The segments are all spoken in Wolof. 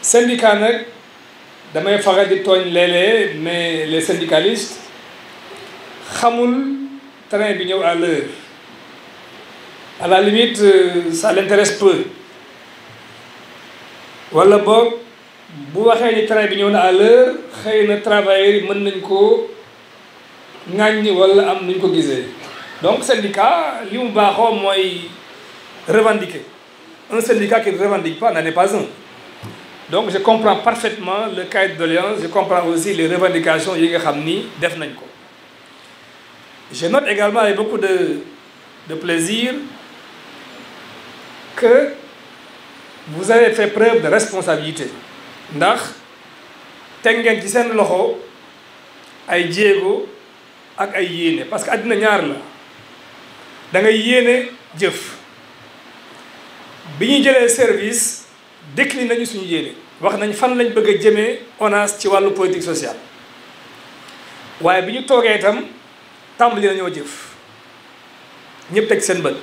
syndicat nag damay faral di tooñ léeg mais les syndicalistes xamul train bi ñëw à l'heure à la limite euh, ça l'intéresse peu wala boog bu waxee ni train bi ñëw na à l'heure xëy na travailleurs mën nañ ko ŋàññ wala am nuñ ko gisee donc syndicat li mu baaxoo mooy revendiquer un syndicat qui ne revendique pas n est pas un donc je comprends parfaitement le cahier de doléances je comprends aussi les revendications yi nga xam ni def nañ ko je note également avec beaucoup de de plaisir que vous avez fait preuve de responsabilité ndax teg ngeen ci seen loxo ay jéego ak ay yéene parce que àddina ñaar la da ngay yéene jëf bi ñuy jëlee service décliné nañu suñu yéene wax nañ fan lañ bëgg a jëmee ONAS ci wàllu politique sociale waaye bi ñu toogee itam tàmbali nañoo jëf ñëpp teg seen bët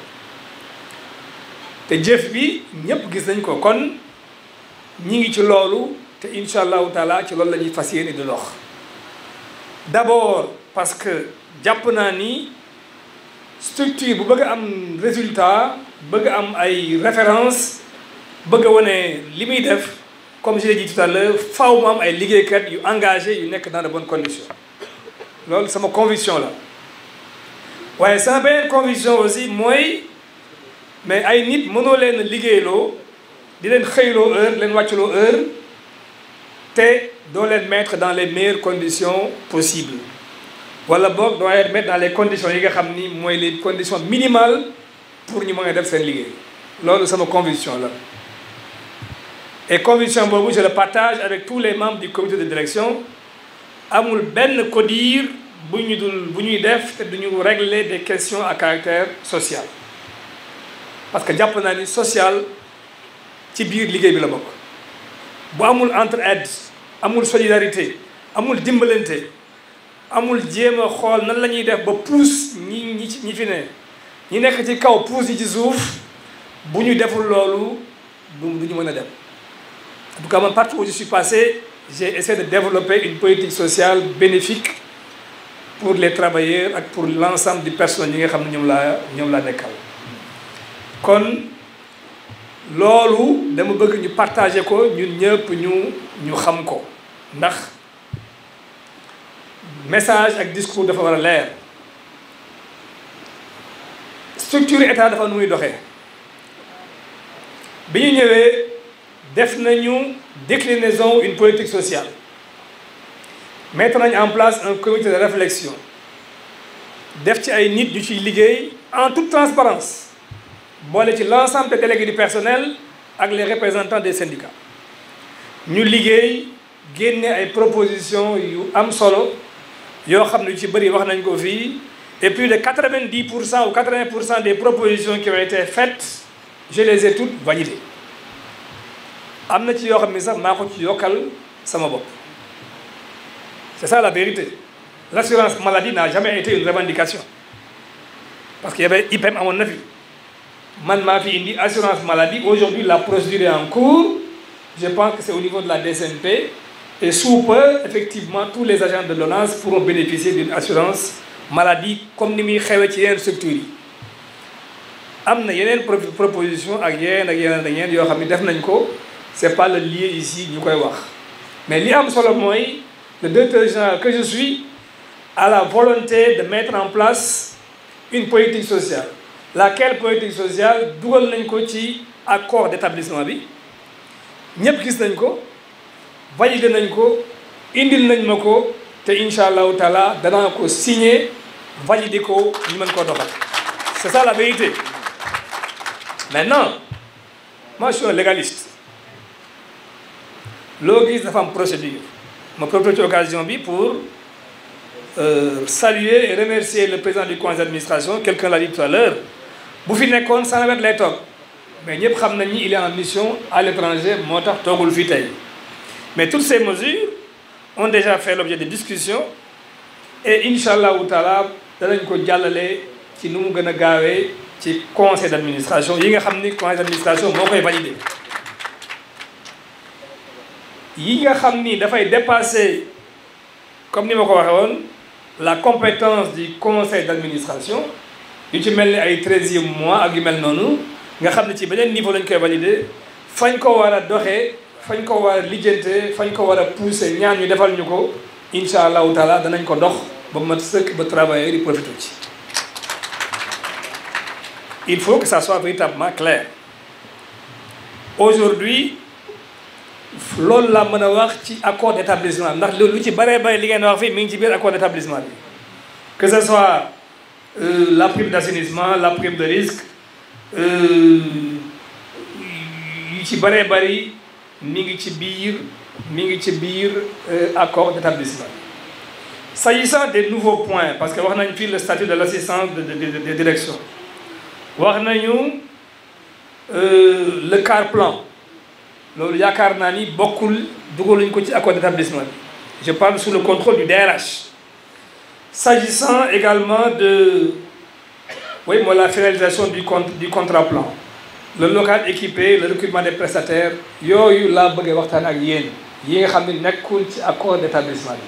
te jëf bi ñëpp gis nañ ko kon ñi ngi ci loolu te incha allahu taala ci loolu la ñuy fas yéene di dox d'abord parce que jàpp naa ni structure bu bëgg am résultat bëgg am ay référence bëgg a wane li muy def comme je l'ai dit tout à l'heure faaw mu am ay liggéeykat yu engagé yu nekk dans de bonnes conditions loolu sama conviction la waaye sama beneen conviction aussi mooy mais ay nit mënoo leen liggéeyloo di leen xëyloo heure leen wàcculoo heure te doo leen mettre dans les meilleures conditions possibles wala boog doit être mettre dans les conditions yi nga xam ni mooy les conditions minimales pour ñu mën a def seen liggéey loolu sama conviction la et conviction boobu je le partage avec tous les membres du comité de direction amul benn codir bu ñu dul bu ñuy def te duñu régler des questions à caractère social parce que jàpp naa ni sociale ci biir liggéey bi la bokk bu amul entre entraide amul solidarité amul dimbalante amul jéem a xool nan la ñuy def ba puus ñi ñi ñi fi ne ñi nekk ci kaw puus yi ci suuf bu ñu deful loolu du ñu mën a dem en tout cas man partout où je suis passé j'ai essayé de développer une politique sociale bénéfique pour les travailleurs ak pour l'ensemble des personnes yi nga xam ne ñoom laa ñoom laa nekkal kon loolu dama bëgg ñu partager ko ñun ñëpp ñu ñu xam ko ndax message ak discours dafa war a leer structure état dafa nu muy doxe bi ñu ñëwee def nañu déclinaison une politique sociale mettre nañu en place un comité de réflexion def ci ay nit ñu ciy liggéey en toute transparence boole ci l'ensemble des délégués du personnel ak les représentants des syndicats ñu liggéey génne ay propositions yu am solo yoo xam ne ci bëri wax nañ ko fii et plus de quatre-vingt-dix pour cent ou quatre-vingts pour cent des propositions qui ont été faites je les ai toutes validées am na ci yoo xam ne sax maa ko ci yokkal sama bopp c'est ça la vérité l'assurance maladie n'a jamais été une revendication parce que y avait IPM e amoon na fi man maa fi indi assurance maladie aujourd'hui la procédure est en cours je pense que c'est au niveau de la DCMP Et sous peu, effectivement, tous les agents de l'ONAS pourront bénéficier d'une assurance maladie comme ni muy xewee ci yeneen structures yi am na yeneen proposition ak yeneen ak yeneen ak yeneen yoo xam ne def nañ ko c'est pas le lieu ici ñu koy wax mais li am solo mooy le directeur général que je suis à la volonté de mettre en place une politique sociale laquelle politique sociale dougal nañ ko ci accord d'établissement bi ñëpp gis nañ ko validé nañ ko indil nañ ma ko te incha allahu taala danaa ko signé validé ko ñu mën koo doxal c'est ça la vérité maintenant moi je suis un légaliste loo gis dafa am procédure ma profite bi pou euh, saluer et remercier le président du conseil d'administration quelqu'un l'a dit tout à l'heure bu fi nekkoon sanawet lay toog mais ñëpp xam nañ ni il est en mission à l'étranger moo tax toogul fii tey Mais toutes ces mesures ont déjà fait l'objet de discussions et incha tala taala danañ ko jàllale ci nu mu gën a gaawee ci conseil d'administration yi nga xam ni conseil d'administration moo koy validé yi nga xam ni dafay dépasser comme ni ma ko waxee woon la compétence du d d'administration yu ci mel ni ay treizième mois ak yu mel noonu nga xam ne ci beneen niveau lañ koy validé fañ ko war a doxee fañ ko war a fañ ko war a pousser ñaan ñu defal ñu ko incha allahu taala danañ ko dox ba mat sëkk ba travailleur yi profité ci il faut que ça soit véritablement clair aujourd'hui loolu laa mën a wax ci accord d'établissement ndax loolu lu ci baree bëri li ngeen wax fii mi ngi ci biir accord d'établissement bi que ce soit euh, la prime d'assainissement de risque euh, yu ci bëree bëri mi ngi ci biir mi ngi ci biir euh, accord d'établissement s'agissant des nouveaux points parce que wax nañ fii le statut de l'assistance de de direction wax nañu euh, le quart plan loolu yaakaar naa ni bokkul dugaluñ ko ci accord d'établissement bi je parle sous le contrôle du DRH s'agissant également de oui mooy la finalisation du compte du contrat plan le local équipé le recrutement des prestataires yooyu laa bëggee waxtaan ak yéen yi nga xam ne nekkul ci accord d'établissement bi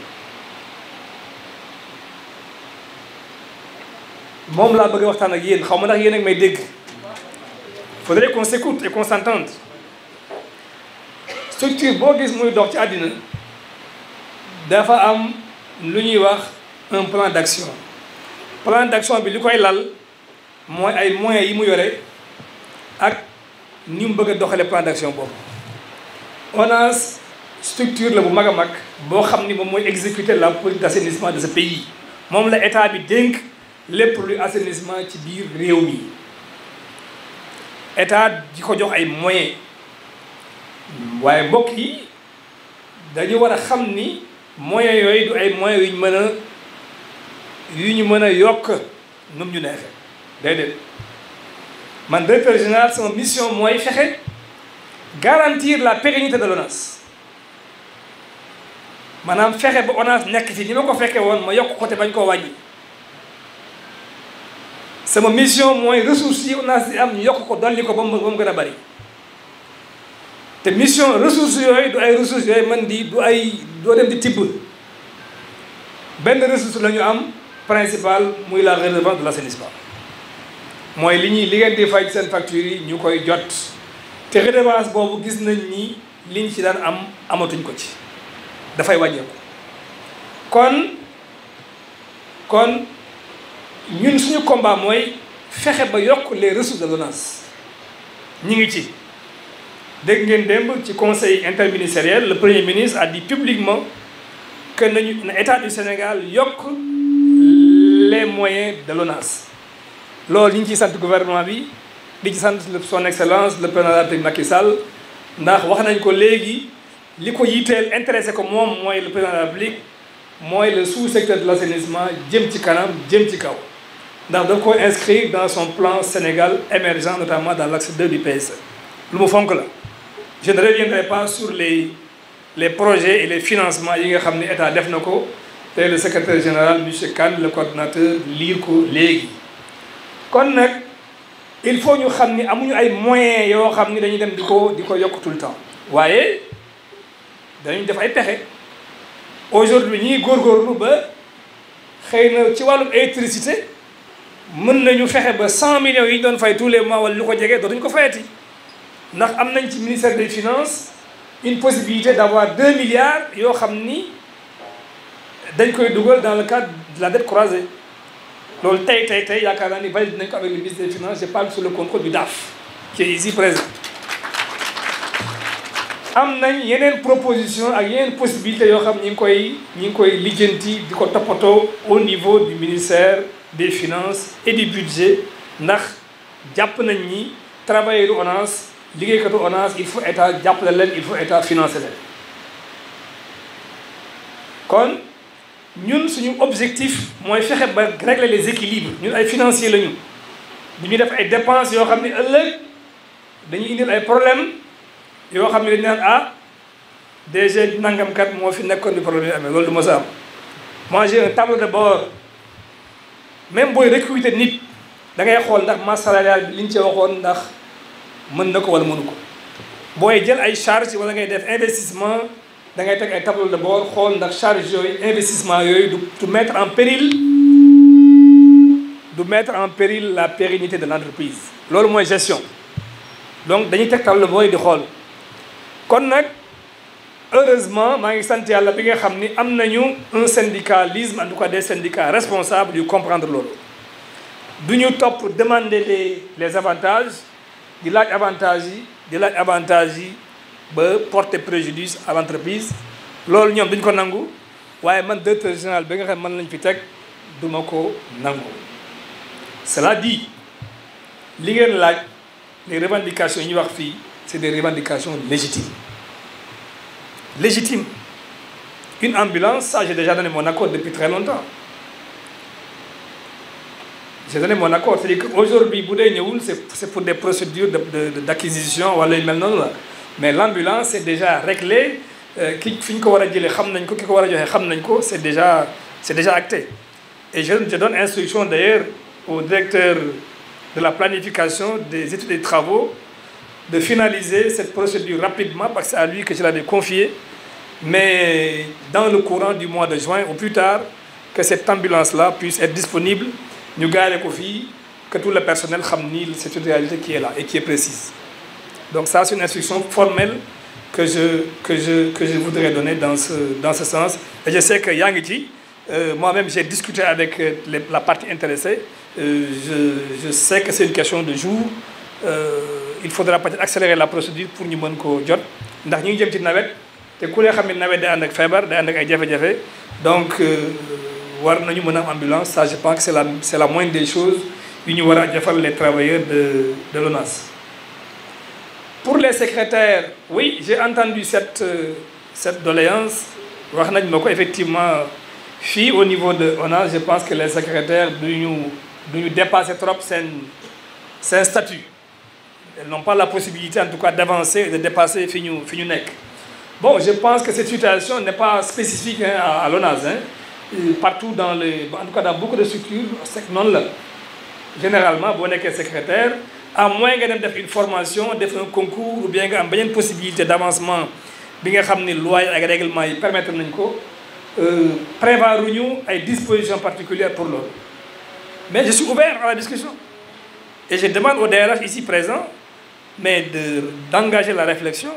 moom laa bëggee waxtaan ak yéen xaw ma ndax yéen ak may dégg faudrait qu'on s'écoute et qu'on s'entende structure boo gis muy dox ci àddina dafa am lu ñuy wax un plan d'action plan d'action bi li koy lal mooy ay moyens yi mu yore ak ni mu bëgg a doxale plan d'action boobu ONAS structure la bu mag a mag boo xam ni moom mooy exécuter la politique d'assainissement de sa pays moom la état bi dénk lépp luy assainissement ci biir réew mi état di ko jox ay moyens waaye mbokk yi dañu war a xam ni moyens yooyu du ay moyens yu ñu mën a yu ñu mën a yokk num ñu neexee déedéet man directeur général sama mission mooy fexe garantir la pérennité de l'ONAS maanaam fexe ba ONAS nekk fi ni ma ko fekkee woon ma yokk ko te bañ koo wàññi sama mission mooy ressources yi ONAS di am ñu yokk ko dolli ko ba mu gën a bari te mission ressources yooyu du ay ressources yooyu man di du ay doo dem di tibb benn ressource la ñu am principal muy la redevance de l'assainissement mooy li ñuy di fay seen facture yi ñu koy jot te redevance boobu gis nañ ni liñ ci daan am amatuñ ko ci dafay wàññeeku kon kon ñun suñu combat mooy fexe ba yokk les ressources de l'ONAS ñi ngi ci dégg ngeen démb ci conseil interministériel le premier ministre a dit publiquement que nañu na état du Sénégal yokk les moyens de l'ONAS loolu ñu ciy sant gouvernement bi di ci sant son excellence le président de la République Macky ndax wax nañ ko léegi li ko yitteel intéressé ko moom mooy le président de la République mooy le sous-secteur de l'assainissement jëm ci kanam jëm ci kaw ndax daf ko inscrire dans son plan Sénégal émergent notamment dans l'axe 2 du PSE lu mu fonk la je ne reviendrai pas sur les les projets et les financements yi nga xam ne état def na ko le secrétaire général monsieur Kane le coordinateur ko léegi kon nag il faut ñu xam ni amuñu ay moyens yoo xam ni dañuy dem di ko di ko yokk tout temps waaye dañuy def ay pexe aujourd'hui ñi góorgóorlu ba xëy na ci wàllum électricité mën nañu fexe ba cent million yi ñu doon fay tous les mois wala lu ko jege dañ ko fayati ndax am nañ ci ministère des finances une possibilité d'avoir deux milliards yoo xam ni dañ koy dugal dans le cadre de la dette croisée loolu tey tey tey yaakaar naa ni valide nañ ko avec le ministre des finances je parle sous le contrôle du DAF am nañ yeneen proposition ak yeneen possibilité yoo xam ñi ngi koy ñi ngi koy lijjanti di ko toppatoo au niveau du ministère des finances et du budget ndax jàpp nañ ni travailleur du ONAS liggéeykatu ONAS il faut état jàppale leen il faut état financer leen ñun suñu objectif mooy fexe ba régler les équilibres ñun ay financier lañu ñu ñuy def ay dépenses yoo xam ne ëllëg dañuy indi ay problèmes yoo xam ne dañu naan ah nangam nangamkat moo fi nekkoon di problème yi amee loolu du ma sa am moi j'ai un tableau de bord même booy recruter nit da ngay xool ndax masse salariale bi liñ ci waxoon ndax mën na ko wala mënu ko booy jël ay charges wala ngay def investissement da ngay teg ay tableau de bord xool ndax charge yooyu investissement yooyu du du mettre en péril du mettre en péril la pérennité de l'entreprise loolu mooy gestion donc dañuy teg table de bord yi di xool kon nag heureusement maa ngi sant yàlla bi nga xam ni am nañu un syndicalisme en tout cas des syndicats responsables yu comprendre loolu du ñu topp demande les les avantages di laaj avantages yi di laaj avantages yi ba porter préjudice à l'entreprise loolu ñoom duñ ko nangu waaye man directeur général bi nga xam man lañ fi teg du ma ko nangu cela di li ngeen laaj les revendications yi wax fii c'est des revendications légitimes légitimes une ambulance ça j'ai déjà donné mon accord depuis très longtemps j'ai donné mon accord cest dire que aujourd'hui bu dee ñëwul c'est c'est pour des procédures wala yu mel noonu la mais l'ambulance c'est déjà réglé euh, ki fi ñu ko war a jëlee xam nañ ko ki ko war a joxe xam nañ ko c'est déjà c'est déjà acté et je je donne instruction d'ailleurs au directeur de la planification des études et des travaux de finaliser cette procédure rapidement parce que c'est à lui que je l'avais confié mais dans le courant du mois de juin au plus tard que cette ambulance-là puisse être disponible ñu gaare ko fii que tout le personnel xam ni c'est une réalité qui est là Donc ça, c'est une instruction formelle que je, que je, que je voudrais donner dans ce, dans ce sens. Et je sais que Yang euh, moi-même, j'ai discuté avec euh, les, la partie intéressée. Euh, je, je, sais que c'est une question de jour. Euh, il faudra peut-être accélérer la procédure pour ñu mën koo jot ndax ñu ngi jëm ci nawet te ku ne xam ne nawet day ànd ak feebar day ànd ak ay jafe-jafe donc euh, war nañu mën a am ambulance ça je pense que c'est la c'est la moindre des choses yu ñu war a jafal les travailleurs de de l'ONAS pour les secrétaires oui j'ai entendu cette euh, cette doléance wax nañ ma ko effectivement fii au niveau de ONAS je pense que les secrétaires du ñu du ñu dépasser trop seen seen statut elles n'ont pas la possibilité en tout cas d'avancer et de dépasser fi ñu fi ñu nekk bon je pense que cette situation n'est pas spécifique à, à partout dans les en tout cas dans beaucoup de structures noonu la généralement boo nekkee secrétaire à moins nga dem def une formation def un concours ou bien nga am beneen possibilité d' bi nga xam ni loi ak réglement yi permettre nañ ko euh, prévoir ñu ay dispositions particulières pour loolu mais je suis ouvert à la discussion et je demande au DRH ici présent mais de d'engager la réflexion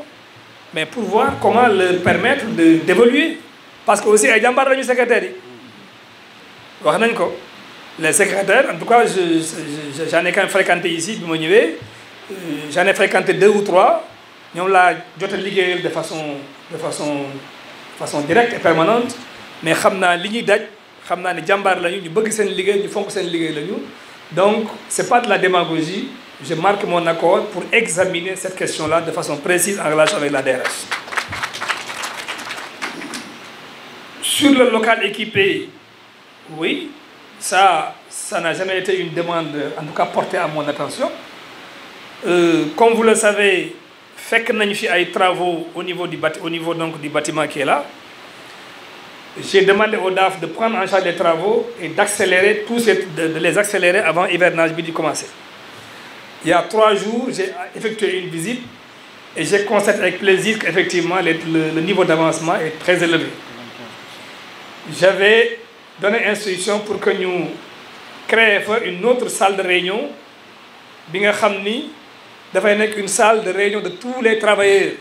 mais pour voir comment le permettre de d'évoluer parce que aussi ay jàmbaar lañu secrétaire yi wax nañ ko les secrétaires en tout cas j'en ai quand même fréquenté ici bi ma ñëwee euh, j'en ai fréquenté deux ou trois ñoom laa jot a liggéeyal de façon de façon façon directe et permanente mais xam naa li ñuy daj xam naa ne jàmbaar lañu ñu bëgg seen liggéey ñu fonk seen liggéey lañu donc c'est pas de la démagogie je marque mon accord pour examiner cette question-là de façon précise en relation avec la DRH sur le local équipé oui ça, ça n'a jamais demande, en tout cas portée à mon attention. Euh, comme vous le savez, fekk nañu fi ay travaux au niveau du au niveau donc du bâtiment qui est là. J'ai demandé au DAF de prendre en charge les travaux et d'accélérer tous de, de les accélérer avant hivernage bi di commencer. Il y a trois jours, j'ai effectué une visite et je constate avec plaisir qu'effectivement le, le, le niveau d'avancement est très élevé. J'avais donné instruction pour que ñu créer fa une autre salle de réunion bi nga xam ni dafay nekk une salle de réunion de tous les travailleurs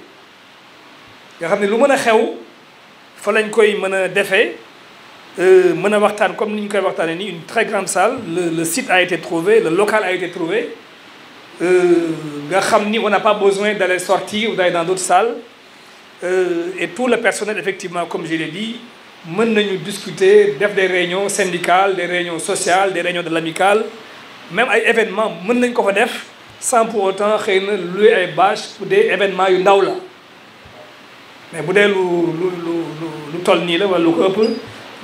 nga xam ne lu mën a xew fa lañ koy mën a defee euh, mën a waxtaan comme ni ñu koy waxtaanee nii une très grande salle le le site a été trouvé le local a été trouvé euh, nga xam ni on a pas besoin d'aller sortir ou d'aller dans d'autres salles e et tout le personnel effectivement comme je l'ai dit mën nañu discuter def des réunions syndicales de réunions sociales de réunions de l'amicale même ay événements mën nañ ko fa def sans pour autant xëy na luy ay bâche bu dee événement yu ndaw la mais bu dee lu lu lu lu toll nii la wala lu ko ëpp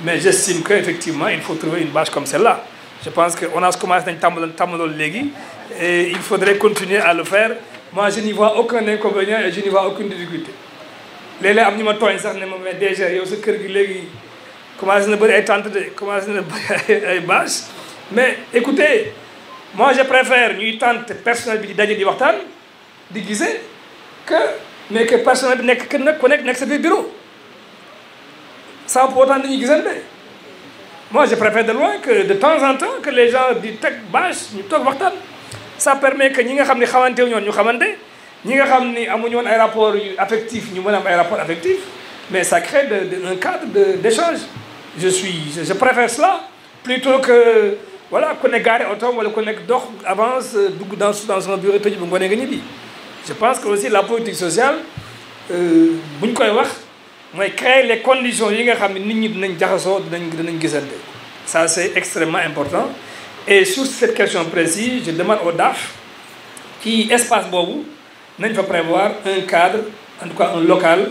mais j'estime que effectivement il faut trouver une bâche comme celle-là je pense que on a commencé nañ tàmbaloon tàmbaloon léegi et il faudrait continuer à le faire moi je n'y vois aucun inconvénient et je n'y vois aucune difficulté léeg am ñu ma tooñ sax ne ma mais déjà yow sa kër gi léegi commencé na bëri ay tente de commencé na bëri ay bâche mais écoutez moi je préfère ñuy tente personnel bi di daje di waxtaan di gisee que mais que personnel bi nekk kër nag ku nekk nekk sa biir bureau sans pour autant dañuy gisante moi je préfère de loin que de temps en temps que les gens di teg bâche ñu toog waxtaan ça permet que ñi nga xam ne xamante ñoon ñu xamante ñi nga xam ni amuñu woon ay rapport affectif ñu mën am ay rapport affectif mais ça crée de, de un cadre de d'échange je préfère cela plutôt que voilà ku ne gaare oto wala ku nekk dox avance dugg dans dans un bureau tëj bu ngoonee nga ñibbi je pense que aussi la politique sociale euh, bu ñu koy wax mooy créer les conditions yi nga xam ne nit ñi dinañ jaxasoo dinañ dinañ gisante ça c'est extrêmement important et sur cette question précise je demande au DAF ci espace boobu nañ fa prévoir un cadre en tout cas un local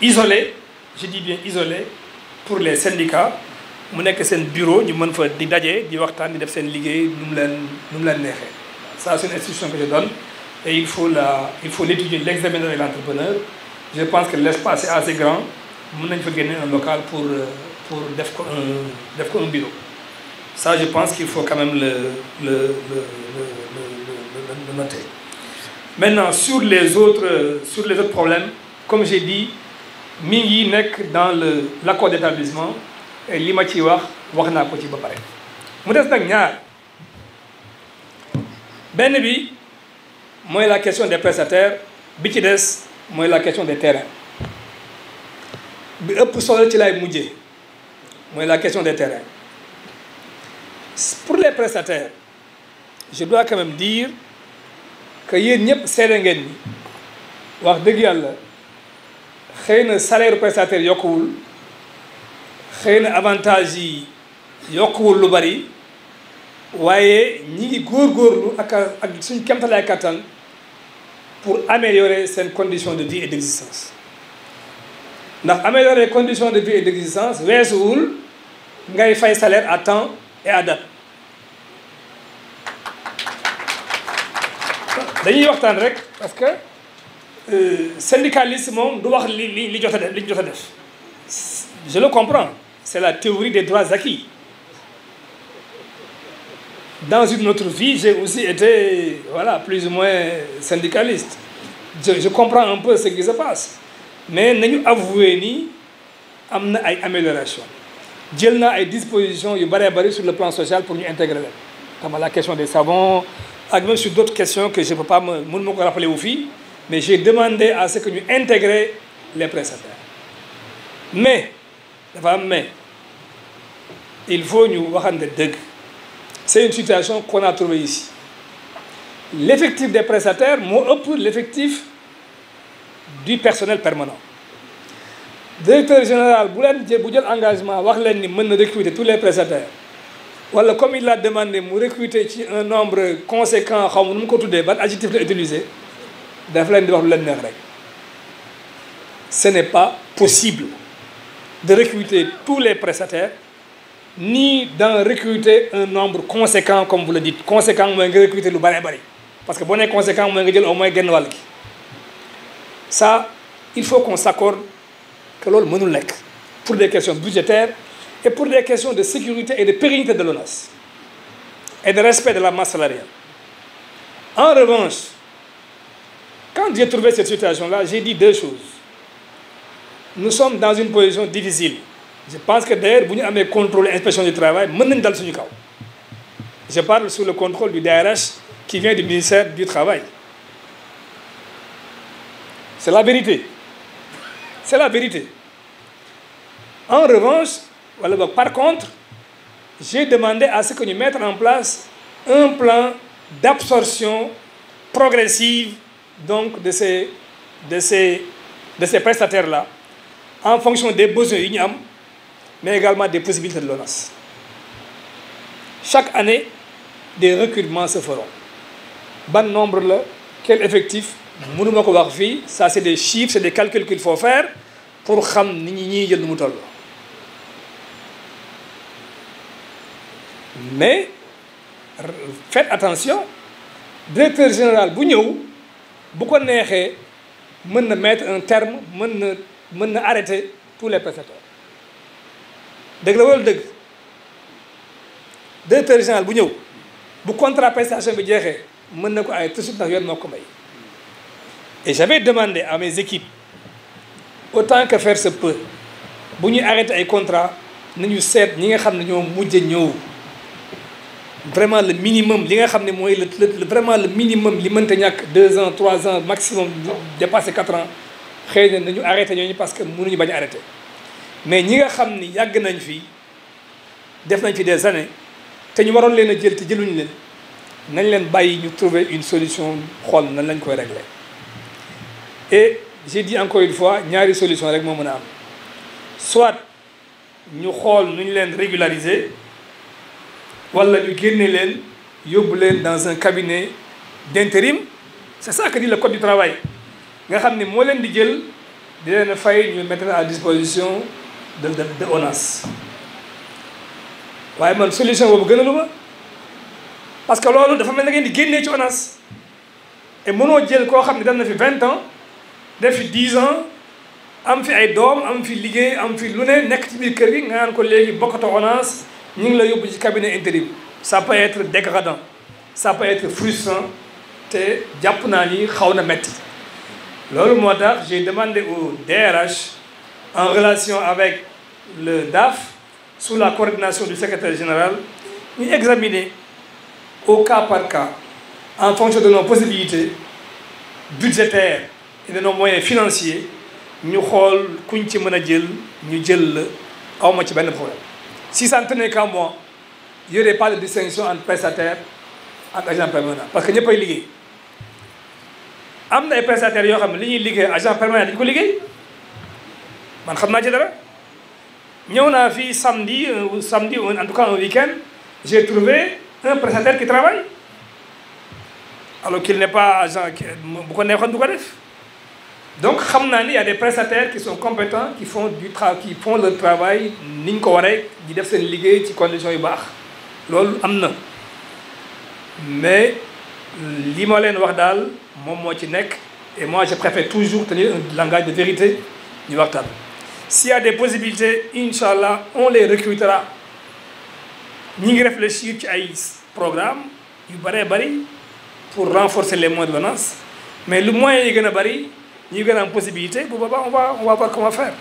isolé je dis bien isolé pour les syndicats mu nekk seen bureau ñu mën fa di daje di waxtaan di def seen liggéey nu mu leen nu mu leen neexee ça c'est une institution que je donne et il faut la il faut l'étudier l'examiner avec l'entrepreneur je pense que l'espace est assez grand mën nañ fa génne un local pour pour def ko ko un bureau ça je pense qu'il faut quand même le le le le le le noter maintenant sur les autres sur les autres problèmes comme j'ai dit mi ngi nekk dans le l'accord d'établissement et li ma ci wax wax naa ko ci ba mu des nag ñaar benn bi mooy la question des prestataires bi ci des mooy la question des terrains bi ëpp solo ci lay mooy la question des terrains pour les prestataires je dois quand même dire que yéen ñëpp seede ngeen ni wax dëgg yàlla xëy na salaire prestataire yokkuwul xëy na avantage yi yokkuwul lu bari waaye ñi ngi góorgóorlu ak ak suñ kemtalaay kattan pour améliorer seen condition de vie et d'existence ndax améliorer condition de vie et d'existence weesuwul ngay fay salaire à temps et à date dañuy waxtaan rek parce que euh, syndicaliste moom du wax li li li jot a def def je le comprends c'est la théorie des droits acquis dans une autre vie j'ai aussi été voilà plus ou moins syndicaliste je je comprends un peu ce qui se passe mais nañu avouer ni am na ay amélioration jël naa ay dispositions yu bëree bëri sur le plan social pour ñu intégrer leen xam la question des savons ak même sur d'autres questions que je ne peux pas me ko rappeler wu fii mais j'ai demandé à ce que ñu intégrer les prestataires mais dafa am mais il faut ñu waxante dëgg c'est une situation qu'on a trouvée ici l'effectif des prestataires moo ëpp l'effectif du personnel permanent directeur général bu leen jël bu jël engagement wax leen ni mën na recruter tout les prestataires wala comme il l'a demandé mu recruter ci un nombre conséquent xaw ma nu mu ko tuddee ban adjectif la utiliser daf leen di wax lu leen neex rek ce n'est pas possible de recruter tous les prestataires ni d'en recruter un nombre conséquent comme vous le dites conséquent mooy nga recruter lu bëree bari parce que boo nee conséquent mooy nga jël au moins genn wàll gi ça il faut qu'on s'accorde que loolu mënul nekk pour des questions budgétaires et pour des questions de sécurité et de pérennité de l'ONAS et de respect de la masse salariale. En revanche, quand j'ai trouvé cette situation-là, j'ai dit deux choses. Nous sommes dans une position difficile. Je pense que d'ailleurs, vous avez contrôle l'inspection du travail, maintenant dans le cas. Je parle sous le contrôle du DRH qui vient du ministère du Travail. C'est la vérité. C'est la vérité. En revanche, wala boog par contre j'ai demandé à ce que nu mettre en place un plan d'absorption progressive donc de ces de ces de ces prestataires là en fonction des besoins yu ñu am mais également des possibilités de l'ONAS chaque année des recrutements se feront ban nombre la quel effectif mënuma ko wax fii ça c'est des chiffres c'est des calculs qu'il faut faire pour xam nit ñi ñuy jël mu toll mais faites attention directeur général bu ñëw bu ko neexee mën na mettre un terme mën na mën na arrêter tous les percepteurs dëgg la wala dëgg directeur général bu ñëw bu contrat prestation bi jeexee mën na ko ay tout de suite yoon moo ko may et j'avais demandé à mes équipes autant que faire se peut bu ñuy arrêter ay contrat nañu seet ñi nga xam ne ñoo mujj ñëw vraiment le minimum li nga xam ne mooy le vraiment le minimum li mënta ñàkk deux ans trois ans maximum dépassé quatre ans xëy na nañu arrêté ñooñu parce que mënuñu bañ arrêté mais ñi nga xam ni yàgg nañ fii def nañ fi des années te ñu waroon leen a jël te jëluñu leen nañ leen bàyyi ñu trouver une solution xool nan lañ koy régler et j'ai dit encore une fois ñaari solution rek moo mën a am soit ñu xool nu ñu leen régulariser wala ñu génne leen yóbbu leen dans un cabinet d'intérim c'est ça que dit le code du travail nga xam ne moo leen di jël di leen fay ñu mettre à disposition de de de waaye man solution boobu gënalu ma parce que loolu dafa mel na ngeen di génnee ci ONAS et mënoo jël koo xam ne def na fi vingt ans def fi dix ans am fi ay doom am fi liggéey am fi lu ne nekk ci biir kër gi nga naan ko léegi bokkatoo ONAS ñu ngi la yóbbu ci cabinet intérim ça peut être dégradant ça peut être frustrant te jàpp naa ni xaw na metti loolu moo tax j'ai demandé au DRH en relation avec le DAF sous la coordination du secrétaire général ñu examiner au cas par cas en fonction de nos possibilités budgétaires et de nos moyens financiers ñu xool kuñ ci mën a jël ñu jël la awma ci benn problème si ça ne tenait qu'à moi il n'y aurait de distinction entre prestataire ak agent permanent parce que ñëppay liggéey am na ay prestataires yoo xam ne li ñuy liggéey agent permanent dañu ko liggéey man xam naa ci dara ñëw naa fii samedi euh, samedi en tout cas un week-end j'ai trouvé un prestataire qui travaille alors qu'il n'est pas agent bu ko neexoon du ko def donc xam naa ni y a des prestataires qui sont compétents qui font du tra qui travail ni ñu ko waree di def seen liggéey ci conditions yu baax loolu am na mais li ma leen wax daal moom moo ci nekk et moi je préfère toujours tenir un langage de vérité ñu waxtaan. s'il y a des possibilités incha allah on les recrutera ñi ngi réfléchir ci ay programme yu bëree bëri pour renforcer les moyens de menace mais lu moyens yi gën a bëri. ñuy gën a am possibilité bu boobaa on va on va voir comment faire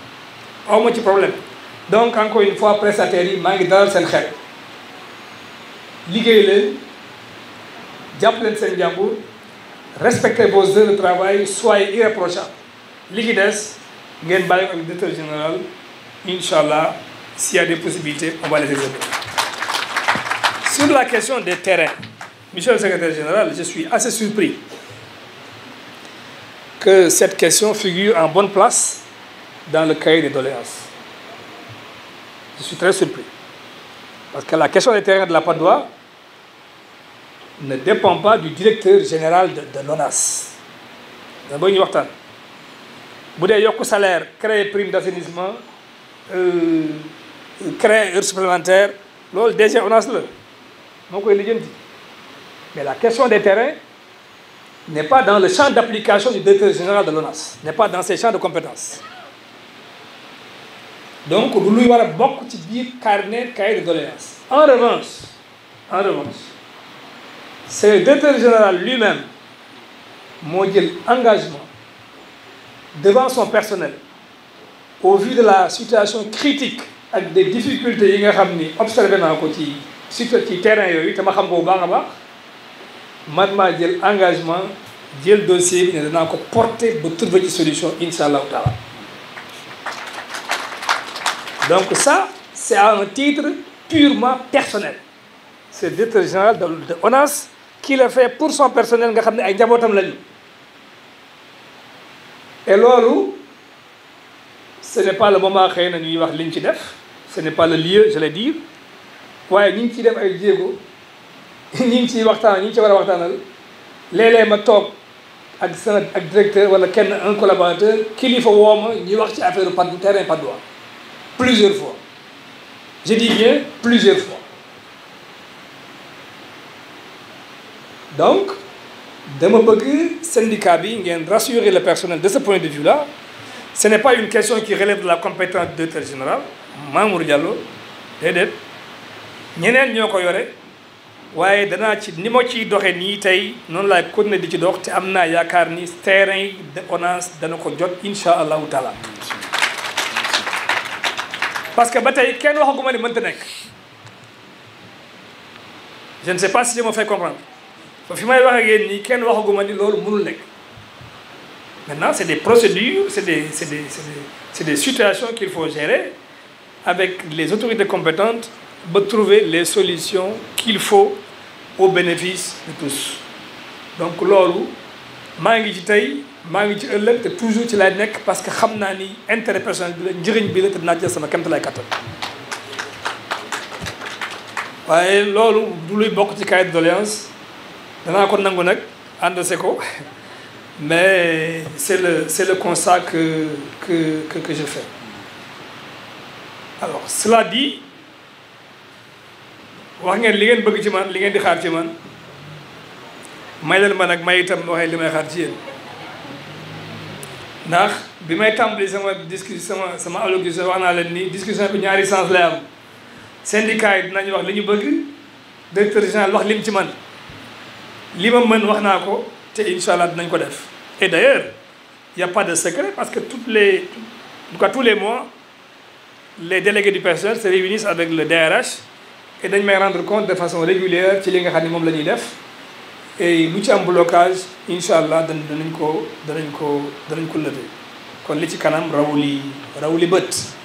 aw ma ci problème donc encore une fois prestataires yi maa ngi dalal seen xel liggéey leen jàpp leen seen jàmbur respectez vos heures de travail soyez irréprochables li ci des ngeen bàyyi ko général incha allah s'il y a des possibilités on va les examiner sur la question de terrains monsieur le secrétaire général je suis assez surpris que cette question figure en bonne place dans le cahier des doléances. Je suis très surpris. Parce que la question des terrains de la Padoie ne dépend pas du directeur général de, de l'ONAS. D'abord, nous avons bu dee yokk salaire créer prime d'assainissement euh, créer heure supplémentaire loolu DG ONAS la moo koy lijjanti mais la question des terrains n'est pas dans le champ d'application du directeur général de l'ONAS n'est pas dans ses champs de compétences donc lu luy war a bokk ci biir carnet cahier de doléances en revanche en revanche c'est le directeur général lui-même moo jël engagement devant son personnel au vu de la situation critique ak des difficultés yi nga xam ni observé naa ko ci surtout ci terrain yooyu te ma xam ko bu baax a baax man jël engagement jël dossier bi ne danaa ko porter ba trouver ci solution insha allahu taala donc ça c'est à un titre purement personnel c'est le directeur général de ONAS qui le fait pour son personnel nga xam ne ay njabootam lañu et loolu ce n'est pas le moment xëy na ñuy wax li ñu ci def ce n'est pas le lieu je le dire waaye ñu ngi ci def ay jéego ñi ngi ciy waxtaan ñi ngi ci war a waxtaanal léeg ma toog ak sama ak directeur wala kenn un collaborateur kilifa woo ma ñuy wax ci affaire Patte terrain Patte d'Oie plusieurs fois je dis bien plusieurs fois donc dama bëgg syndicat bi ngeen rassurer le personnel de ce point de vue là ce n'est pas une question qui relève de la compétence du directeur général Mamour Diallo déedéet ñeneen ñoo ko yore waaye danaa ci ni ma ciy doxe nii tey noonu laay continuer di ci dox te am naa yaakaar ni terrain yi de ONAS dana ko jot insha allahu taala parce que ba tey kenn waxaguma ne mënta nekk je ne sais pas si je me fais comprendre ba fi may wax ak nii kenn waxaguma ni loolu mënul nekk maintenant c'est des procédures c'est des c'est des c'est des c'est des situations qu'il faut gérer avec les autorités compétentes ba trouver les solutions qu'il faut au bénéfice de tous donc loolu maa ngi ci tey maa ngi ci ëllëg te toujours ci laay nekk parce que xam naa ni intérêt personnel bi la njëriñ bi la te dinaa jël sama kemt lay kattan waaye loolu du luy bokk ci cahier de doléance danaa ko nangu nag ànd se ko mais c'est le c'est le constat que je fais alors cela dit wax ngeen li ngeen bëgg ci man li ngeen di xaar ci man may leen man ak may itam waxee li may xaar ci yéen ndax bi may tàmbali sama discussion sama sama allocution wax naa leen ni discussion bi ñaari sens lay am syndicat yi dinañ wax li ñu bëgg directeur général wax lim ci man li ma mën wax naa ko te incha allah dinañ ko def et d'ailleurs y pas de secret parce que tout les en tout tous les mois les délégués du personnel se réunissent avec le DRH et dañ may rendre compte de façon régulière ci li nga xam ne moom la ñuy def et lu ci am blocage incha allah dan danañ ko danañ ko danañ ko lever kon li ci kanam raw li raw li bët